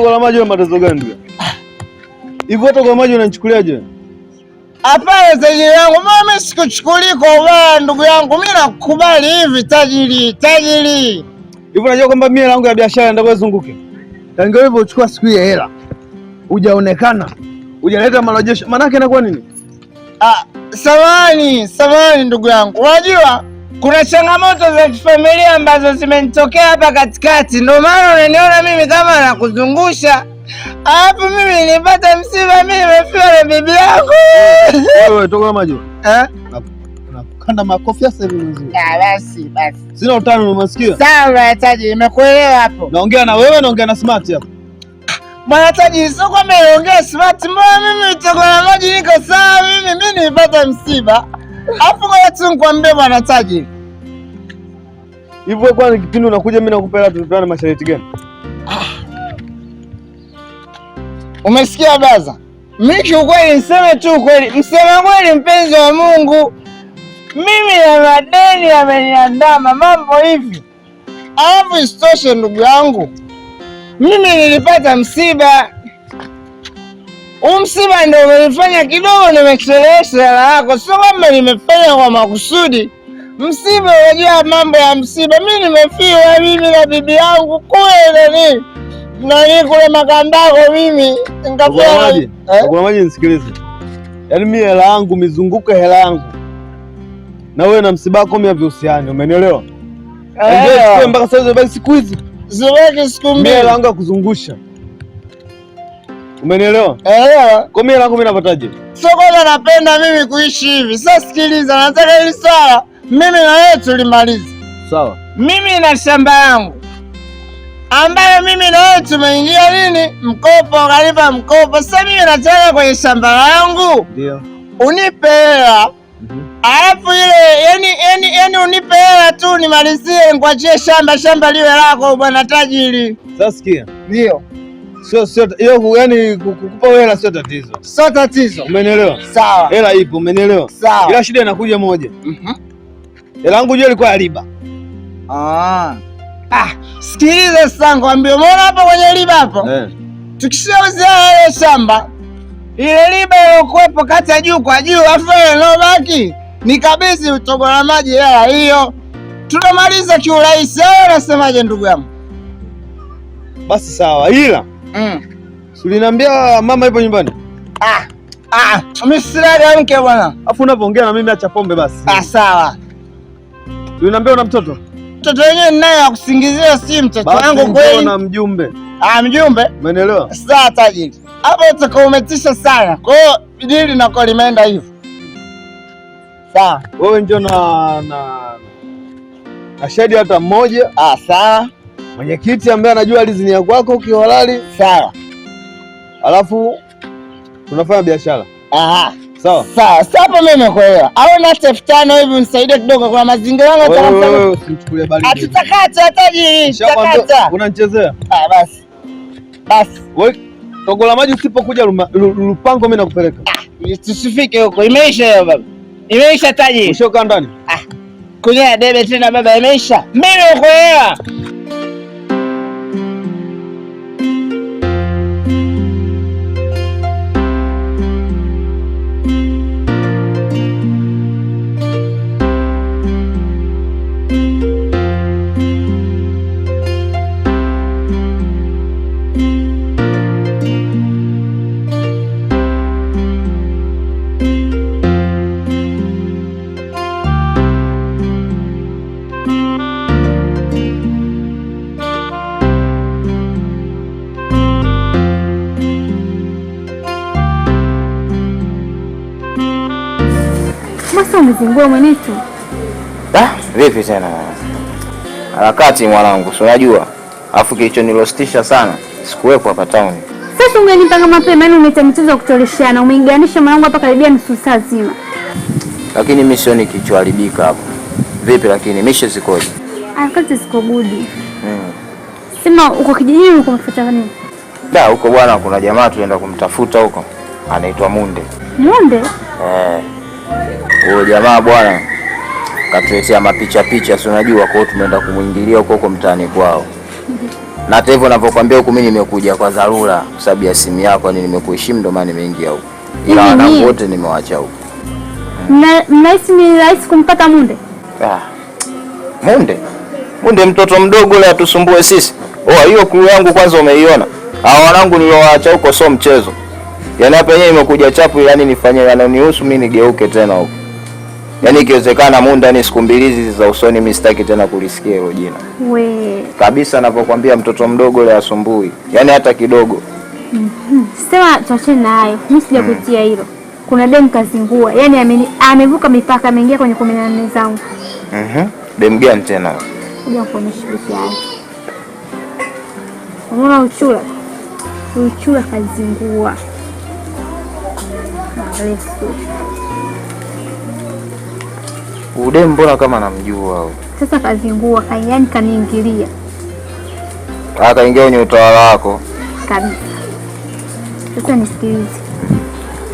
hata kwa maji una matezo gani Hivi hata kwa maji unanichukuliaje? Hapana tajiri yangu, mimi sikuchukulii kwa ubaya ndugu yangu, mimi nakubali hivi tajiri, tajiri. Hivi unajua kwamba mimi langu ya biashara ndio kuzunguke. Tangia hivyo uchukua siku ya hela. Hujaonekana. Hujaleta marejesho. Maana yake inakuwa nini? Ah, ah samani, samani ndugu yangu. Unajua kuna changamoto za kifamilia ambazo zimenitokea hapa katikati, ndio maana unaniona mimi kama nakuzungusha. Alafu mimi nilipata msiba, mimi nimefiwa na bibi yangu. Wewe toka maji. Eh? Nakukanda makofi sasa hivi mzee. Ah, basi basi. Sina utani, unamsikia Sawa, Taji, nimekuelewa hapo. Naongea na wewe, naongea na Smart hapo. Bwana Taji, sio kwamba naongea Smart, mbona mimi toka maji niko sawa mimi, mimi nilipata msiba. Hapo ngoja tu nikwambie bwana Taji. Hivyo kwani kipindi unakuja mimi hela tupeane masharti gani? Ah. Umesikia baza? Mimi ukweli niseme tu kweli Msema kweli mpenzi wa Mungu. Mimi na madeni yameniandama mambo hivi. Alafu isitoshe ndugu yangu. Mimi nilipata msiba Umsiba ndio umenifanya kidogo nimechelewesha hela yako, sio kama nimefanya kwa makusudi. Msiba, unajua mambo ya msiba, mi nimefiwa mimi na bibi yangu kule nani nani kule Makambako, mimi kuna eh? maji. Nisikilize, yaani mi hela yangu mizunguko hela yangu na wewe na msiba wako vihusiani, umenielewa? Mpaka sasa siku hizi, zibaki siku mbili, hela yangu ya kuzungusha Umenielewa? Eh. Kwa mimi langu mimi napataje? Sio napenda mimi kuishi hivi. Sasa sikiliza, nataka hili swala mimi na wewe tulimalize. Sawa. Mimi na shamba yangu ambayo mimi na wewe tumeingia nini mkopo, kalipa mkopo. Sasa mimi nataka kwenye shamba langu ndio unipe hela mhm. alafu ile yani, yani, yani unipe hela tu nimalizie, nikuachie shamba, shamba liwe lako bwana tajiri. Sasa sikia, ndio Sio sio, hiyo yani kukupa hela sio tatizo. Sio tatizo. Umenielewa? Sawa. Hela ipo, umenielewa? Sawa. Ila shida inakuja moja. Mhm. Hela yangu jeu ilikuwa riba. Ah. Ah, sikiliza sasa ngwambie, umeona hapa kwenye riba hapo? Eh. Tukishauza ile shamba, ile riba iliyokuwepo kati ya juu kwa juu, afu ile baki ni kabisa utogora maji hela hiyo. Tunamaliza kiurahisi. unasemaje ndugu yangu? Basi sawa. Ila Mm. Uliniambia mama yupo nyumbani? Ah. Ah, mimi silala mke bwana. Afu unapoongea na mimi acha pombe basi. Ah, sawa. Uliniambia una mtoto? Mtoto wenyewe ninaye akusingizia si mtoto wangu kweli. Na mjumbe. Ah, mjumbe? Umeelewa? Sawa tajiri. Hapo utakao umetisha sana. Kwa hiyo dili na kwa limeenda hivyo. Sawa. Wewe njoo na na na shahidi hata mmoja. Ah, sawa mwenyekiti ambaye anajua lizini ya kwako kihalali, sawa. Alafu tunafanya biashara. Aha. Sawa. Sawa. Sasa hapo mimi nimekuelewa. Au na elfu tano hivi unisaidie kidogo kwa mazingira yangu hata mfano. Wewe usichukulie bali. Hatutakata hataji. Tutakata. Unanichezea? Ah basi. Basi. Wewe togo la maji usipokuja lupango mimi nakupeleka. Ah, tusifike huko. Imeisha hiyo baba. Imeisha taji. Ushoka ndani. Ah. Kunyea debe tena baba imeisha. Mimi nakuelewa. ufungue mwenetu. Vipi tena harakati mwanangu, si unajua, kilicho nilostisha sana sikuwepo hapa town. Sasa ungenipa mapema, yaani umeleta michezo ya kutoleshana, umeinganisha mwanangu hapa karibia nusu saa zima. Lakini mimi sioni kilichoharibika hapo. Vipi lakini mishe zikoje? Harakati ziko gudi. Hmm. Sema uko kijijini uko mfuata nini? Da, huko bwana kuna jamaa tulienda kumtafuta huko, anaitwa Munde. Munde? Eh. Huyo jamaa bwana katuletea mapicha picha, si unajua, kwao tumeenda kumwingilia huko huko mtaani kwao. Na hata hivyo ninavyokuambia huku mimi nimekuja kwa dharura kwa sababu ya simu yako, yani nimekuheshimu ndio maana nimeingia huko. Ila yaani wanangu wote nimewacha huko. Mnahisi ni rahisi kumpata Munde? Ah. Munde? Munde mtoto mdogo yule atusumbue sisi. Oh, hiyo kuru yangu kwanza umeiona. Hao wanangu niliowaacha huko sio mchezo. Yaani hapa yeye imekuja chapu, yani nifanye yanonihusu mimi nigeuke tena huko. Yaani ikiwezekana muda ndani siku mbili hizi za usoni mimi sitaki tena kulisikia hilo jina. We. Kabisa ninapokuambia mtoto mdogo le asumbui. Yaani hata kidogo. Mm -hmm. Sema tuache na Mimi Mimi sijakutia mm. hilo. Mm. Kuna dem kazingua. Yaani ameni, amevuka mipaka ameingia kwenye 14 zangu. Mhm. Mm dem gani tena? Kuja kuonyesha vipi hapo. Unaona uchula? Uchula kazingua refu. Ude, mbona kama namjua au? Sasa kazingua, yani kaniingilia, akaingia ah, kwenye utawala wako kabisa. Sasa nisikilize,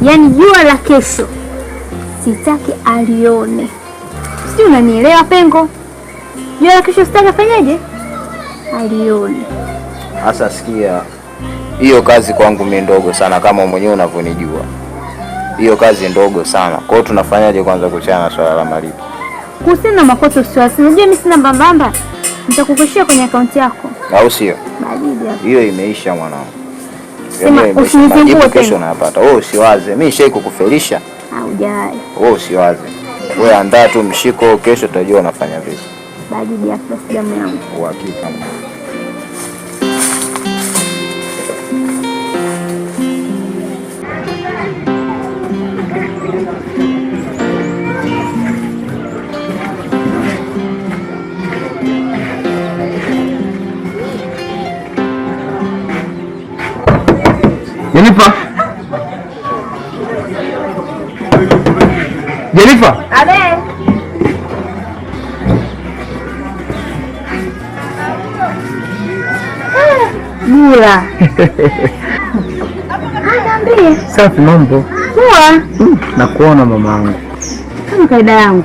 yaani jua la kesho sitaki alione, si unanielewa pengo? Jua la kesho sitaki afanyaje alione. Sasa sikia, hiyo kazi kwangu mi ndogo sana, kama mwenyewe unavyonijua hiyo kazi ndogo sana. Kwa hiyo tunafanyaje kwanza kuchana swala la malipo? Kuhusiana na makoto usiwasi, unajua mimi sina mbambamba, nitakukeshia kwenye akaunti yako, au sio? Hiyo imeisha mwanangu, kesho unayapata wewe. Usiwaze, mimi shai kukufelisha wewe, usiwaze wewe, andaa tu mshiko, kesho utajua unafanya vipi. Uhakika. Jenifa. Safi mambo. Poa. Mm, nakuona mamangu. Kama kaida yangu.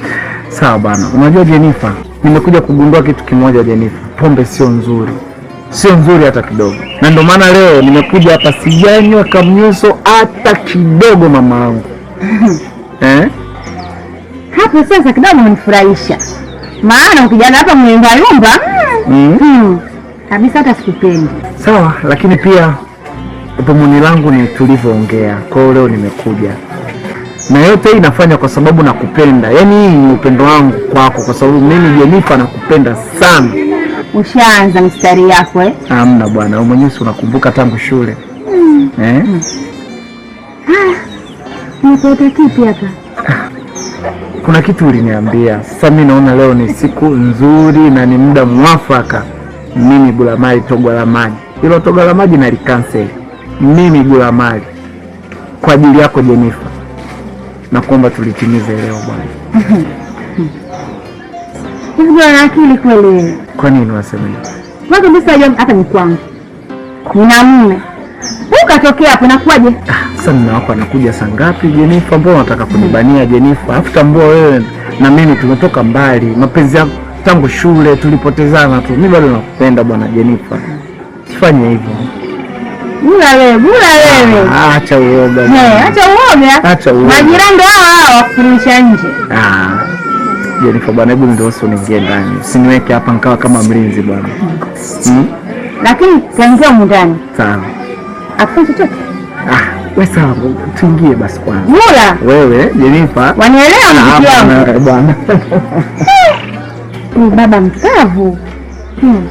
Sawa bana. Unajua Jenifa, nimekuja kugundua kitu kimoja Jenifa. Pombe sio nzuri. Sio nzuri hata kidogo. Na ndio maana leo nimekuja hapa sijanywa kamnyuso hata kidogo mama mamangu. eh? Hapo sasa kidogo umenifurahisha, maana ukijana hapa myumba yumba mm. hmm, hmm, kabisa hata sikupendi. Sawa, lakini pia dhumuni langu ni tulivyoongea, kwa hiyo leo nimekuja na yote hii nafanya kwa sababu nakupenda, yaani hii ni upendo wangu kwako, kwa sababu mimi Jenifa nakupenda sana. Ushaanza mstari yako eh? Hamna bwana, wewe mwenyewe unakumbuka tangu shule mm. eh? mm. Napeleka kipi hapa? Kuna kitu uliniambia. Sasa mimi naona leo ni siku nzuri na ni muda mwafaka. Mimi Gulamali Togwa la Maji, hilo Togwa la Maji nalikanseli. Mimi Gulamali kwa ajili yako Jenifa, kuomba tulitimize leo bwana. Hivi ana akili kweli? Kwa nini unasema hivyo? Wewe kabisa hapa ni kwangu, nina mume Ukatokea hapo nakuaje? Sasa mume wako anakuja saa ngapi Jenifa? Mbona unataka kunibania Jenifa? Alafu tambua wewe na mimi tumetoka mbali, mapenzi yako tangu shule tulipotezana tu. Mimi bado nakupenda bwana Jenifa, sifanye hivyo. Bula wewe, bula wewe. Ah, acha uoga. Eh, acha uoga. Acha uoga. Majirani ndio hao wakurudisha nje. Ah. Jenifa bwana, hebu ndio niingie ndani. Usiniweke hapa nikawa kama mlinzi bwana. Hmm? Lakini kaingia ndani. Sawa. Afanye chochote? Ah, wewe sawa, tuingie basi kwanza. Mula. Wewe, Jenifa. Wanielewa mziki ah, wangu. Bwana. Baba mkavu. Hmm.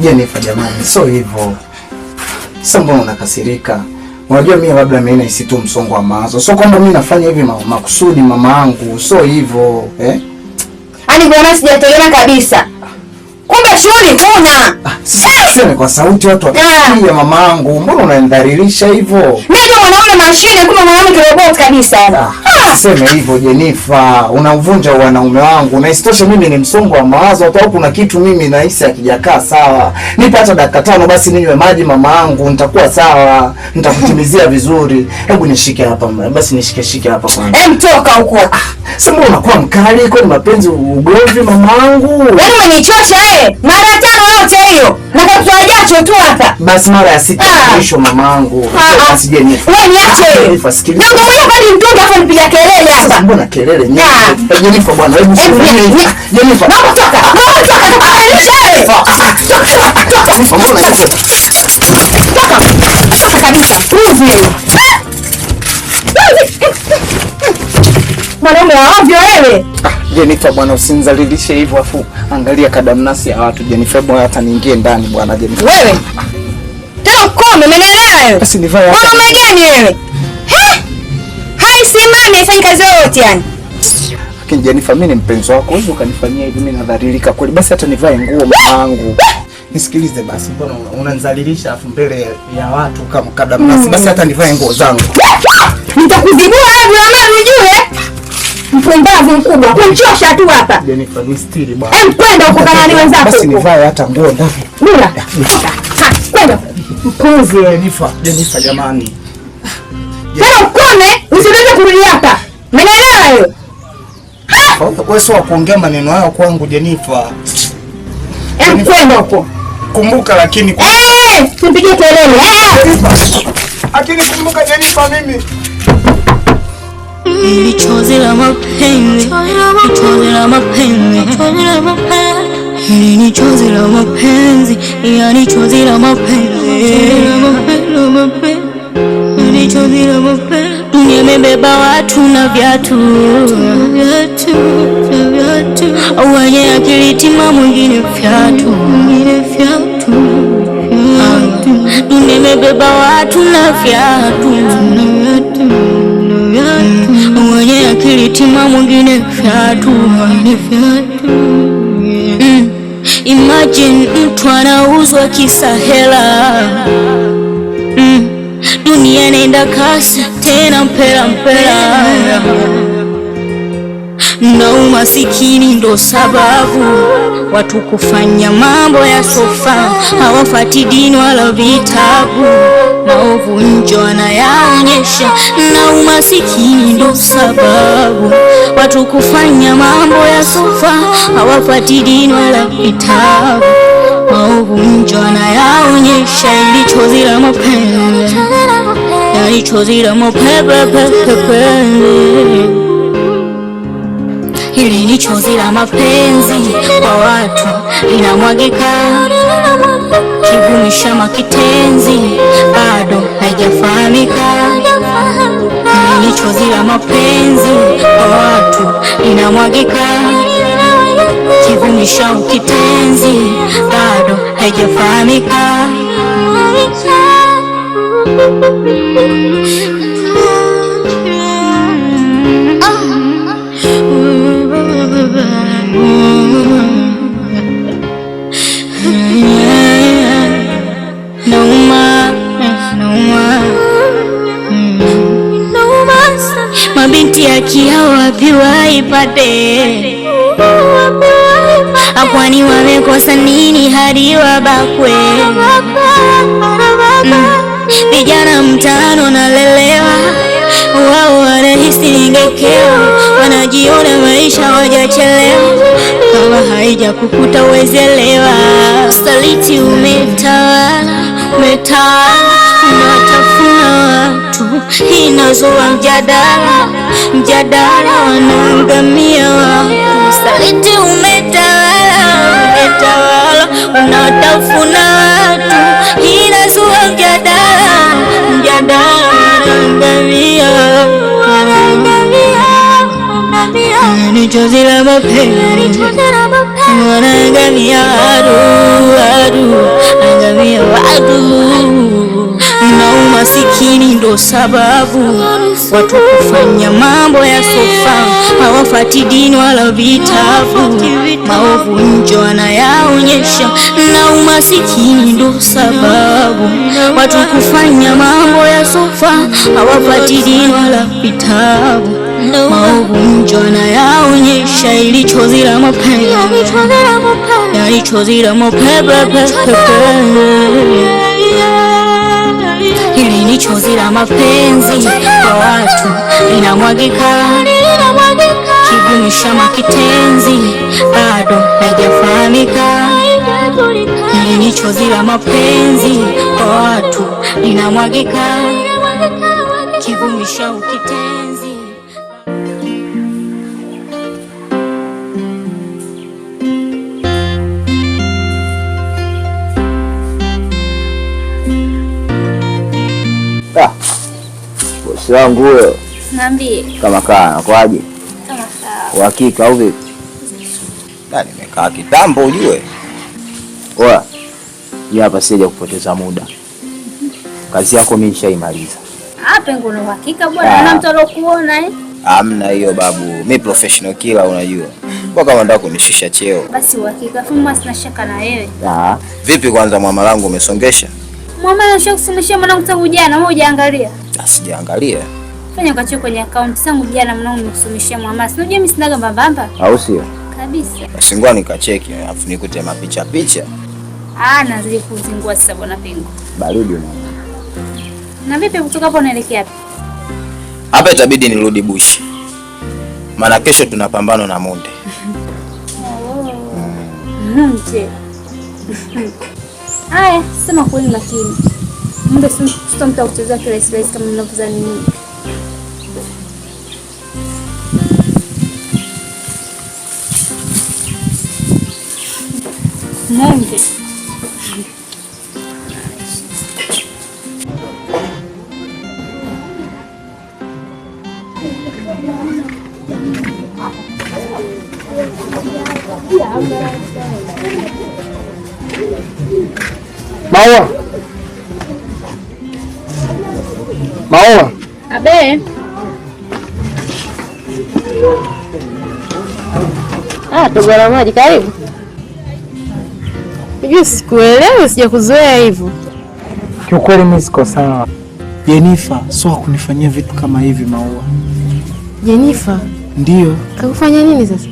Jenifa, jamani, so hivyo sasa. Mbona unakasirika? Unajua mimi labda mimi nahisi tu msongo wa mawazo, so kwamba mimi nafanya hivi makusudi, mama yangu, so hivyo eh? Ani bwana, sijategemea kabisa, kumbe shughuli huna. Ah, sema kwa sauti watu ah. wakisikia, mama yangu, mbona unanidhalilisha hivyo? Mimi ndio mwanaume mashine, kumbe mwanamke robot kabisa. Ah. Sema hivyo Jenifa, unamvunja wanaume wangu, na isitoshe mimi ni msongo wa mawazo, hata hapo na kitu mimi nahisi hakijakaa sawa. hata dakika tano basi ninywe maji mama yangu, nitakuwa sawa, nitakutimizia vizuri. Hebu nishike hapa basi, nishike shike hapa kwanza. Hey, toka huko! Ah, Sema unakuwa mkali kwa ni mapenzi ugomvi, mama yangu, yaani umenichosha wewe. Eh? Mara tano yote hiyo na kwa jacho tu hapa, basi mara ya sita ah. mwisho, mama yangu. Ah, basi Jenifa, wewe niache wewe, nifasikilize, ndio kwani mtunga afa nipiga kelele hapa. Mbona kelele nyingi? bwana, hebu subiri. Jennifer. Naomba toka. Naomba toka. Toka. Toka. Mbona hivi? Toka. Toka kabisa. Mwizi wewe. Mwanaume wa ovyo wewe. Jennifer bwana, usinizalilishe hivyo afu angalia kadamnasi ya watu. Jennifer bwana, hata niingie ndani bwana Jennifer. Wewe. Tena ukome, umenielewa wewe? Basi nivae hapa. Mwanaume gani wewe? imani haifanyi kazi yote yani. Lakini Jenifa, mimi ni mpenzi wako, wewe ukanifanyia hivi, mimi nadhalilika kweli? Basi hata nivae nguo mwanangu. Nisikilize basi, mbona unanizalilisha afu mbele ya watu kama kada mnasi? Mm. Basi hata nivae nguo zangu. Nitakuzibua wewe Abdulrahman, ujue. Mpumbavu mkubwa, kumchosha tu hapa. ni stili bwana. Hem, kwenda huko kama ni wenzako. Basi nivae hata nguo ndafu. Bila. Kwenda. Mpuzi Jenifa, Jenifa jamani. Jenifa. Usiweze kurudi hapa. Umeelewa hiyo? Wewe sio kuongea maneno hayo kwangu Jenifa. Yaani Hebu kwenda huko. Kumbuka lakini kwa eh, tumpige kelele. Eh! Lakini kumbuka Jenifa mimi. Nilichozi la mapenzi. Nilichozi la mapenzi. Nilichozi la mapenzi. Nilichozi yaani la mapenzi. Yani la mapenzi dunia imebeba watu na viatu, wenye akili timamu wengine viatu, dunia imebeba watu na viatu, wenye akili timamu wengine viatu. Mm. Mm. Imagine mtu anauzwa kisa hela dunia inaenda kasi tena mpela mpela, na umasikini ndo sababu watu kufanya mambo ya sofa, hawafati dini wala vitabu, maovu njo wanayaonyesha, na umasikini ndo sababu watu kufanya mambo ya sofa, hawafati dini wala vitabu maovu, mtu anayaonyesha ili chozi la mapenzi, yani chozi la mapenzi ili ni chozi la mapenzi kwa watu linamwagika, kivumisha makitenzi bado haijafahamika, ili ni chozi la mapenzi kwa watu linamwagika kivuli shau kitenzi bado haijafahamika. Mabinti ya kiao wapi waipate kwani wamekosa nini hadi wabakwe? Mm. Vijana mm, mtaano nalelewa, wao wanahisi ningekewa, wanajiona maisha wajachelewa Kama haijakukuta uwezelewa, usaliti umetawala, umetawala natafuna watu inazua mjadala, mjadala wanaangamia watu, usaliti umetawala natafuna watu, inazua mjadala, mjadala unaangamia, unaangamia, ni chozi la mapenzi, wanaangamia watu, angamia watu na umasikini ndo sababu watu kufanya mambo ya sofa, hawafati dini wala vitabu, maovu nje wanayaonyesha, na umasikini ndo sababu watu kufanya mambo ya sofa, hawafati dini wala vitabu maovu nje wanayaonyesha, ilichozila mopepe, ilichozila mopepe chozi la mapenzi ya watu inamwagika, kivumisha makitenzi bado haijafahamika. Ni chozi la mapenzi kwa watu inamwagika, kivumisha ukitenzi Ah. Bosi wangu huyo. Niambie. Kama kaa nakwaje? Kama sawa. Uhakika au vipi? Na nimekaa kitambo ujue. Oa. Ni hapa sija kupoteza muda. Kazi yako mimi nishaimaliza. Hapa ngono uhakika bwana, ana ah. mtu alokuona eh? Amna hiyo babu, mi professional kila unajua kwa kama nataka kunishisha cheo. Basi uhakika fuma sina shaka na wewe. Ah. Vipi kwanza, mwamalangu umesongesha? Mama anashia kusimamishia mwanangu tangu jana, wewe hujaangalia? Asijaangalia. Ah, Fanya kwa chuo kwenye account zangu jana mwanangu nikusomeshia mwamasi. Unajua mimi sinaga mbambamba. Au sio? Kabisa. Singwa nikacheki, afu nikute mapicha picha. Ah, nazidi kuzingua sasa bwana Pingu. Baridi una. Na vipi kutoka hapo unaelekea wapi? Hapa itabidi nirudi Bush. Maana kesho tunapambana na Munde. Oh. oh. Mm. Munde. Haya, sema kweli, lakini mbe sitamta kuchezea kirahisi rahisi kama ninavyozani mimi. Mungu maua Maua. abe, ah, dogo la maji, karibu. Sijui, sikuelewi, sijakuzoea hivyo kiukweli. Mimi siko sawa Jenifa, sio kunifanyia vitu kama hivi maua Jenifa? ndio Kakufanya nini sasa?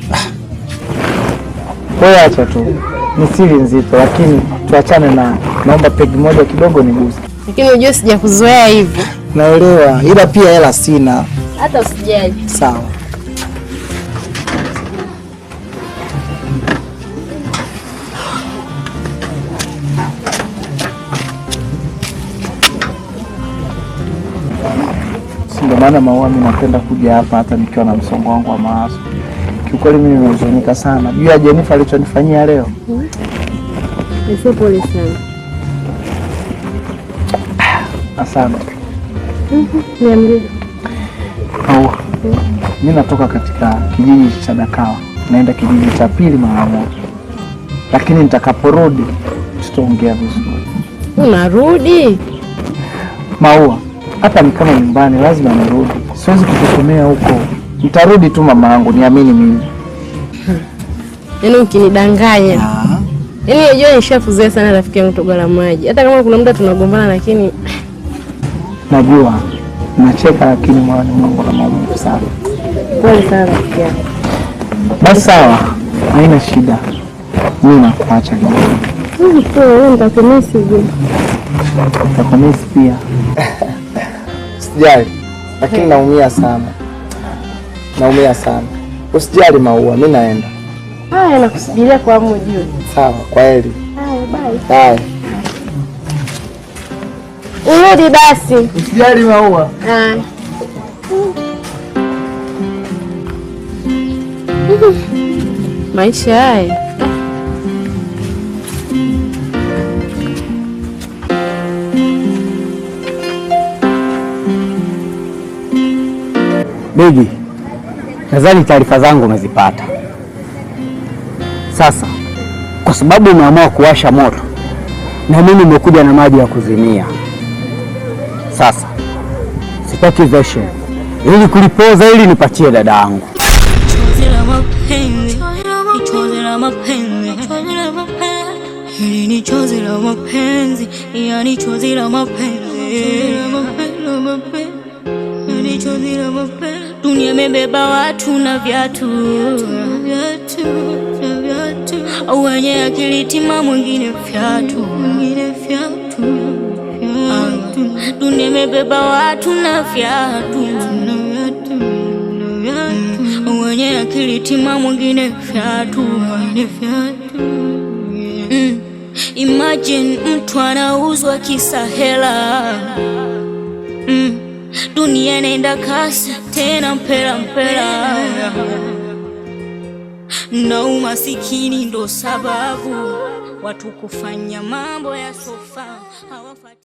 Wewe acha tu ni siri nzito, lakini tuachane na, naomba pegi moja kidogo niguse. Lakini unajua sijakuzoea hivyo. Naelewa, ila pia hela sina. Hata usijali. Sawa. Ndio maana Maua, mimi napenda kuja hapa hata nikiwa na msongo wangu wa mawazo. Kiukweli mimi nimehuzunika sana juu ya Jenifa alichonifanyia leo. Hmm. Niseme pole sana. Asante. Mm-hmm. Hmm. Mimi natoka katika kijiji cha Dakawa naenda kijiji cha pili mara moja, lakini nitakaporudi tutaongea vizuri. Unarudi Maua? Hapa ni kama nyumbani, lazima nirudi, siwezi kukutumia huko. Nitarudi tu mama yangu, niamini mimi. Hmm. Yaani ukinidanganya. Yaani unajua nishakuzoea sana rafiki yangu Togora maji. Hata kama kuna muda tunagombana lakini najua nacheka lakini moyoni mwangu na maumivu sana. Pole sana rafiki yangu. Basi sawa, haina shida. Mimi nakuacha kidogo. Pole, pia. Sijali. Lakini naumia sana naumia sana. Usijali Maua, mimi naenda. Haya, nakusubiria kwa hamu juu. Sawa, kwa heri. Haya, bye. Bye. Urudi basi. Usijali Maua. Maisha haya Beji, Nadhani taarifa zangu umezipata. Sasa kwa sababu umeamua kuwasha moto na mimi nimekuja na maji ya kuzimia, sasa sipati veshe ili kulipoza, ili nipatie dada yangu. Ni chozi la mapenzi, chozi la mapenzi dunia imebeba watu na viatu, wenye akili timamu mwingine fyatu, ah, dunia imebeba watu na viatu, mm, wenye akili timamu mwingine fyatu. Mm, imagine mtu anauzwa kisa hela, mm, dunia inaenda kasi tena mpela mpela, na umasikini ndo sababu watu kufanya mambo ya sofa.